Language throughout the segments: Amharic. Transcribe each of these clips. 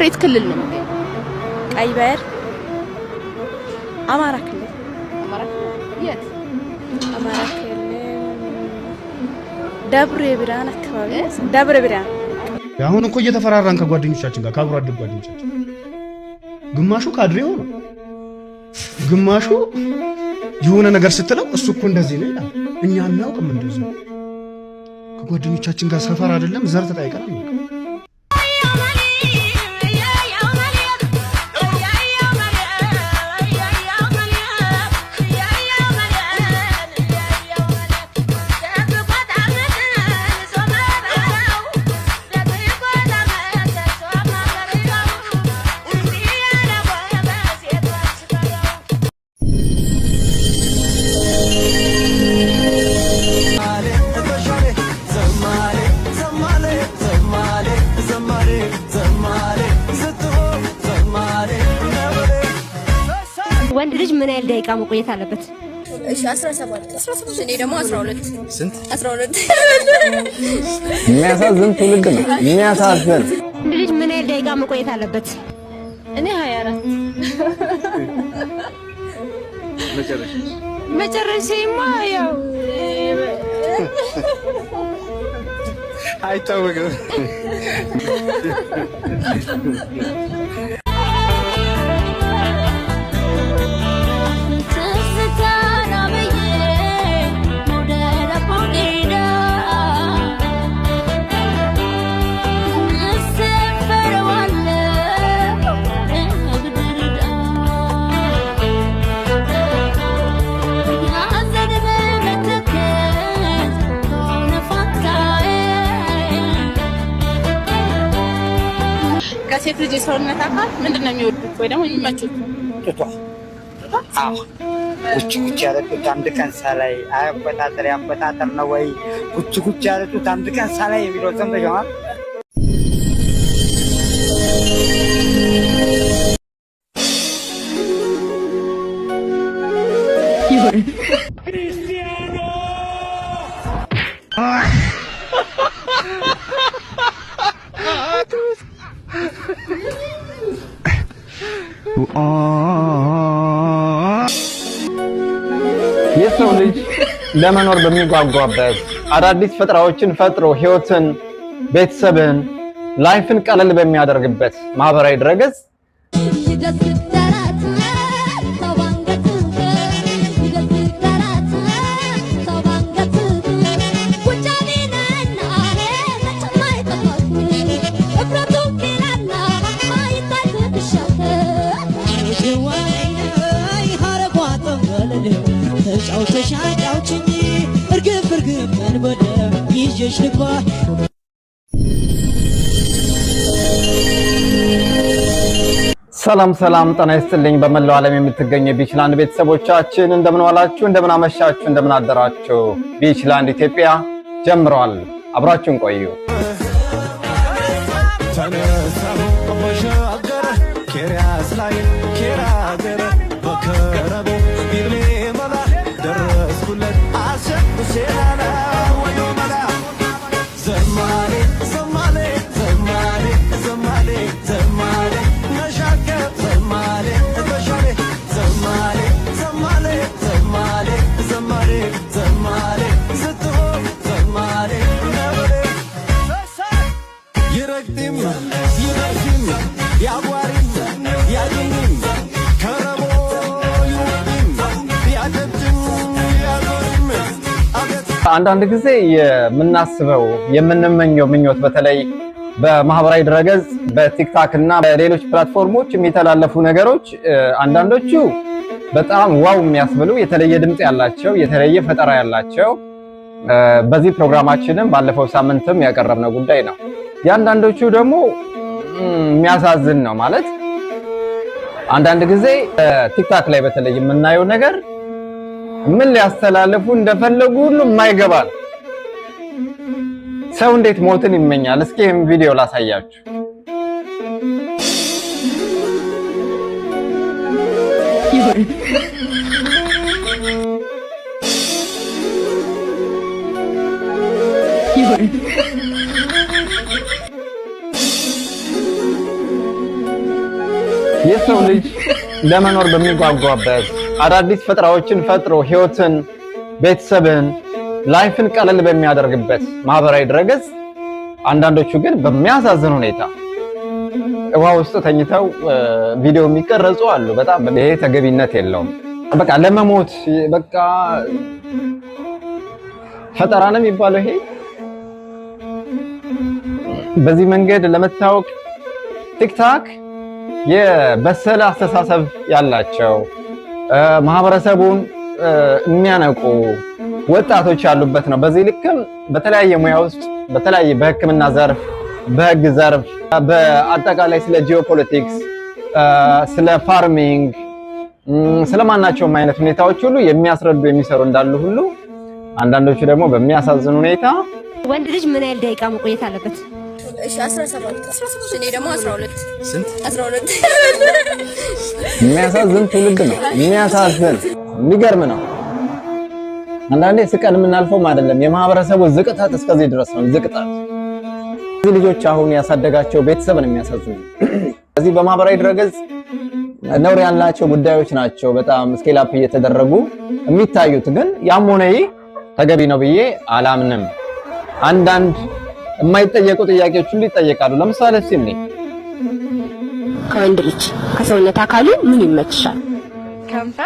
መሬት ክልል ነው የምትገኘው? ቀይ ባህር አማራ ክልል። አማራ ክልል የት? አማራ ክልል ደብረ ብርሃን አካባቢ። ደብረ ብርሃን። አሁን እኮ እየተፈራራን ከጓደኞቻችን ጋር ከአብሮ አደግ ጓደኞቻችን ግማሹ ካድሬ ሆኖ ግማሹ የሆነ ነገር ስትለው እሱ እኮ እንደዚህ ነው ይላል። እኛ እናውቅም እንደዚህ ከጓደኞቻችን ጋር ሰፈር አይደለም ዘር ተጠያይቀናል ደቂቃ መቆየት አለበት። እሺ የሚያሳዝን ትውልድ ነው የሚያሳዝን ልጅ ምን ያህል ደቂቃ መቆየት አለበት? እኔ መጨረሻማ ያው አይታወቅም። ከሴት ልጅ የሰውነት አካል ምንድን ነው የሚወዱት ወይ ደግሞ የሚመቹት? ጡቷ ጉች ጉች ያለ ጡት አንድ ቀን ሳላይ አያቆጣጠር ያቆጣጠር ነው ወይ ጉች ጉች ያለ ጡት አንድ ቀን ሳላይ የሚለው ሰምተሻል? ይሁን የሰው ልጅ ለመኖር በሚጓጓበት አዳዲስ ፈጠራዎችን ፈጥሮ ህይወትን፣ ቤተሰብን፣ ላይፍን ቀለል በሚያደርግበት ማህበራዊ ድረገጽ አውቶሽ አጫውችኝ እርግብ እርግብ መንጎደ ይዤሽ ልጓል ሰላም ሰላም፣ ጤና ይስጥልኝ። በመላው ዓለም የምትገኙ የቢችላንድ ቤተሰቦቻችን እንደምን ዋላችሁ፣ እንደምን አመሻችሁ፣ እንደምን አደራችሁ። ቢችላንድ ኢትዮጵያ ጀምሯል። አብራችሁን ቆዩ። ተነሳ ላይ ኬራ አንዳንድ ጊዜ የምናስበው የምንመኘው ምኞት በተለይ በማህበራዊ ድረገጽ በቲክታክ እና በሌሎች ፕላትፎርሞች የሚተላለፉ ነገሮች አንዳንዶቹ በጣም ዋው የሚያስብሉ የተለየ ድምፅ ያላቸው የተለየ ፈጠራ ያላቸው በዚህ ፕሮግራማችንም ባለፈው ሳምንትም ያቀረብነው ጉዳይ ነው። የአንዳንዶቹ ደግሞ የሚያሳዝን ነው ማለት አንዳንድ ጊዜ ቲክታክ ላይ በተለይ የምናየው ነገር ምን ሊያስተላልፉ እንደፈለጉ ሁሉ የማይገባ ነው። ሰው እንዴት ሞትን ይመኛል? እስኪ ይህም ቪዲዮ ላሳያችሁ። የሰው ልጅ ለመኖር በሚጓጓበት አዳዲስ ፈጠራዎችን ፈጥሮ ህይወትን፣ ቤተሰብን፣ ላይፍን ቀለል በሚያደርግበት ማህበራዊ ድረገጽ አንዳንዶቹ ግን በሚያሳዝን ሁኔታ ውሃ ውስጥ ተኝተው ቪዲዮ የሚቀረጹ አሉ። በጣም ይሄ ተገቢነት የለውም። በቃ ለመሞት በቃ ፈጠራ ነው የሚባለው ይሄ በዚህ መንገድ ለመታወቅ ቲክታክ የበሰለ አስተሳሰብ ያላቸው ማህበረሰቡን የሚያነቁ ወጣቶች ያሉበት ነው። በዚህ ልክም በተለያየ ሙያ ውስጥ በተለያየ በሕክምና ዘርፍ፣ በህግ ዘርፍ፣ በአጠቃላይ ስለ ጂኦፖለቲክስ፣ ስለ ፋርሚንግ፣ ስለማናቸውም አይነት ሁኔታዎች ሁሉ የሚያስረዱ የሚሰሩ እንዳሉ ሁሉ አንዳንዶቹ ደግሞ በሚያሳዝን ሁኔታ ወንድ ልጅ ምን ያህል ደቂቃ መቆየት አለበት የሚያሳዝን ትውልድ ነው። የሚያሳዝን የሚገርም ነው። አንዳንዴ ስቀን የምናልፈውም አይደለም። የማህበረሰቡ ዝቅጠት እስከዚህ ድረስ ነው። ዝቅጠት እዚህ ልጆች አሁን ያሳደጋቸው ቤተሰብ ነው የሚያሳዝን። እዚህ በማህበራዊ ድረገጽ ነውር ያላቸው ጉዳዮች ናቸው በጣም ስኬላፕ እየተደረጉ የሚታዩት። ግን ያም ሆነ ይህ ተገቢ ነው ብዬ አላምንም። አንዳንድ የማይጠየቁ ጥያቄዎች ሁሉ ይጠየቃሉ። ለምሳሌ ሲም ከወንድ ልጅ ከሰውነት አካሉ ምን ይመችሻል? ከምሳ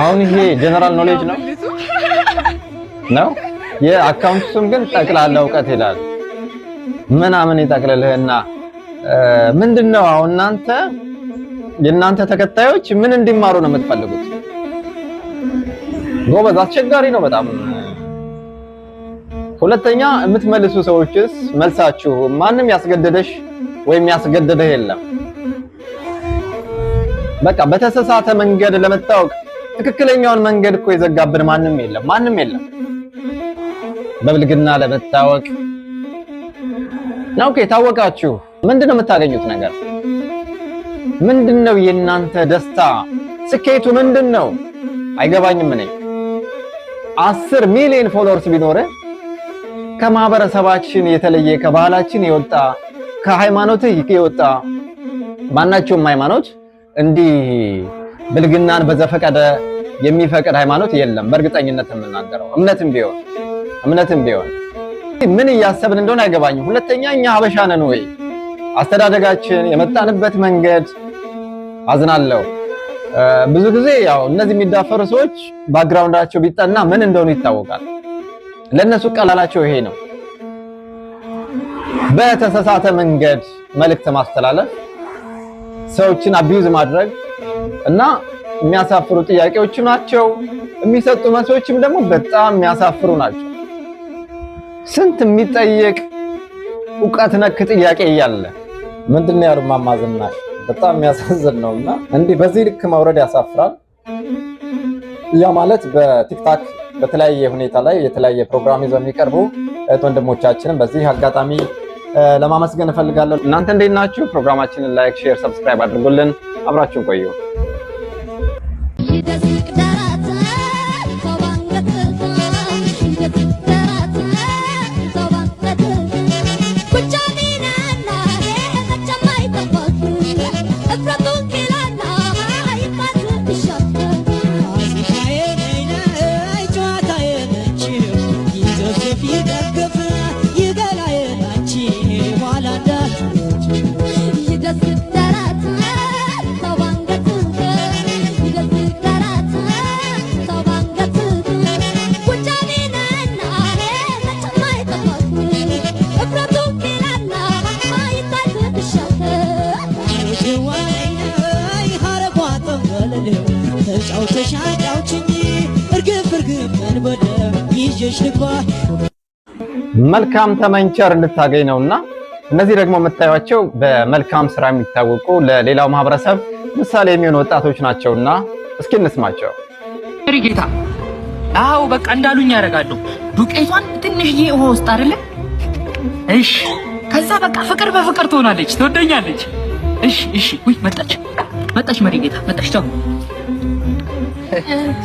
አሁን ይሄ ጀነራል ኖሌጅ ነው ነው የአካውንቱም ግን ጠቅላላ እውቀት ይላል ምናምን ይጠቅልልህና ምንድነው አሁን እናንተ የእናንተ ተከታዮች ምን እንዲማሩ ነው የምትፈልጉት? ጎበዝ አስቸጋሪ ነው በጣም። ሁለተኛ የምትመልሱ ሰዎችስ መልሳችሁ ማንም ያስገደደሽ ወይም ያስገደደህ የለም። በቃ በተሰሳተ መንገድ ለመታወቅ ትክክለኛውን መንገድ እኮ የዘጋብን ማንም የለም፣ ማንም የለም። በብልግና ለመታወቅ ናውቄ ታወቃችሁ፣ ምንድነው የምታገኙት ነገር? ምንድነው የእናንተ ደስታ? ስኬቱ ምንድነው? አይገባኝም እኔ። አስር ሚሊዮን ፎሎወርስ ቢኖር ከማህበረሰባችን የተለየ ከባህላችን የወጣ ከሃይማኖትህ የወጣ ማናቸውም ሃይማኖት እንዲህ ብልግናን በዘፈቀደ የሚፈቅድ ሃይማኖት የለም። በእርግጠኝነት የምናገረው እምነትም ቢሆን እምነትም ቢሆን ምን እያሰብን እንደሆነ አይገባኝም። ሁለተኛ እኛ ሀበሻ ነን ወይ? አስተዳደጋችን፣ የመጣንበት መንገድ አዝናለሁ። ብዙ ጊዜ ያው እነዚህ የሚዳፈሩ ሰዎች ባክግራውንዳቸው ቢጠና ምን እንደሆኑ ይታወቃል። ለእነሱ ቀላላቸው ይሄ ነው። በተሳሳተ መንገድ መልእክት ማስተላለፍ፣ ሰዎችን አቢዩዝ ማድረግ እና የሚያሳፍሩ ጥያቄዎች ናቸው። የሚሰጡ መልሶችም ደግሞ በጣም የሚያሳፍሩ ናቸው። ስንት የሚጠየቅ እውቀት ነክ ጥያቄ እያለ ምንድን ነው ያሉ ማማዝናሽ በጣም የሚያሳዝን ነው እና እንዲህ በዚህ ልክ መውረድ ያሳፍራል። ያ ማለት በቲክታክ በተለያየ ሁኔታ ላይ የተለያየ ፕሮግራም ይዘው የሚቀርቡ እህት ወንድሞቻችንን በዚህ አጋጣሚ ለማመስገን እፈልጋለሁ። እናንተ እንዴት ናችሁ? ፕሮግራማችንን ላይክ፣ ሼር፣ ሰብስክራይብ አድርጉልን። አብራችሁን ቆዩ። በለው ይዤሽ ልግባ መልካም ተመንቸር እንድታገኝ ነውና እነዚህ ደግሞ የምታዩቸው በመልካም ስራ የሚታወቁ ለሌላው ማህበረሰብ ምሳሌ የሚሆኑ ወጣቶች ናቸውና እስኪ እንስማቸው። ጌታ አዎ በቃ እንዳሉኝ ያደርጋሉ። ዱቄቷን ትንሽዬ ውሃ ውስጥ አይደለ? እሺ፣ ከዛ በቃ ፍቅር በፍቅር ትሆናለች፣ ትወደኛለች። እሺ፣ እሺ፣ ውይ መጣች። መጣሽ መሪ ጌታ መጣሽ። ቻው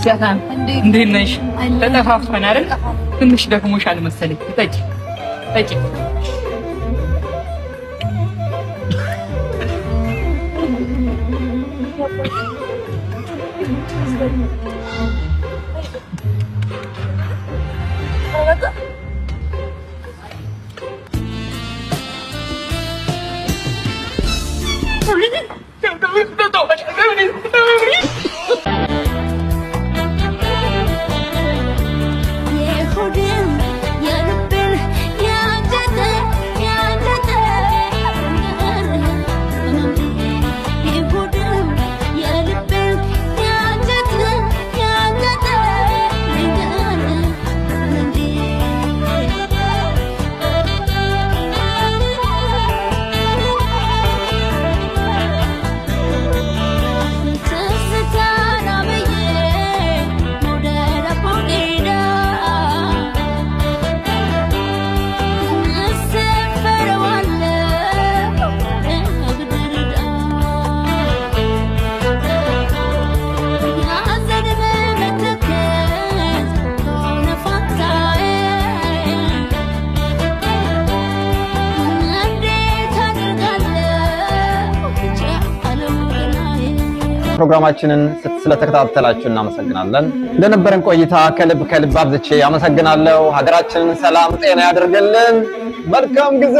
ሲያታን እንዴት ነሽ? ተጠፋፋን አይደል? ትንሽ ደክሞሻል መሰለኝ። ጠጪ ጠጪ። ፕሮግራማችንን ስለተከታተላችሁ እናመሰግናለን። እንደነበረን ቆይታ ከልብ ከልብ አብዝቼ አመሰግናለሁ። ሀገራችንን ሰላም ጤና ያደርግልን። መልካም ጊዜ